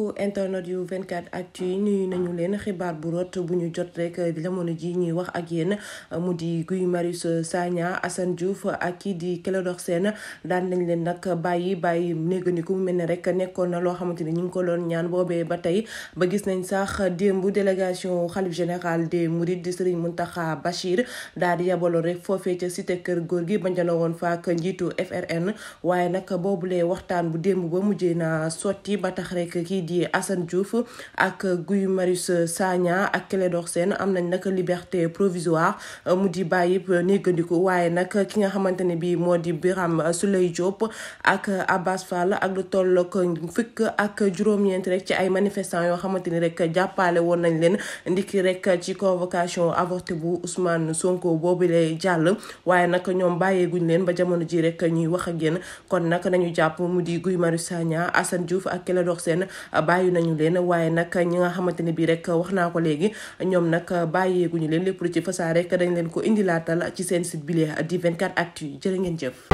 mbokku internet yu 24 actu yi nuyu nañu leen xibaar bu rot bu ñu jot rek jamono ji ñuy wax ak yéen mu di Guy Marius Sagna Assane Diouf ak kii di Clédor Sène daan nañ leen nag bàyyi bàyyi néeganiku mu mel ne rek nekkoon na loo xamante ni ñu ngi ko loon ñaan boobee ba tey ba gis nañ sax démb délégation xalif général des Mourides di Serigne Mountakha Bachir daal di yabaloon rek foofee ca cité kër góor gi bañ banjana woon fa ak njiitu FRN waaye nag boobulee waxtaan bu di Assane Diouf ak Guy Marius Sagna ak Clédor seen am nañ nag liberté provisoire euh, mu di bàyyi néggandiku waaye nag ki nga xamante ne bii moo di Birame Souleye Diop ak Abbas Fall ak lu toll ko fukk ak juróom-ñeent rek ci ay manifestants yoo xamante ni rek jàppale woon nañ leen ndiki rek ci convocation avorté bu Ousmane Sonko boobu lay jàll waaye nag ñoom bàyyeeguñ leen ba jamono ji rek ñuy wax ak yéen kon naka nañu jàpp mu di Guy Marius Sagna Assane Diouf ak Clédor Sène bàyyi nañu leen waaye nag ñi nga xamante ne bii rek wax naa ko léegi ñoom nag bàyyeeguñu leen lépp lu ci fasaa rek dañ leen ko indilaatal ci seen si bile di 24 actu yi jërë ngeen jëf.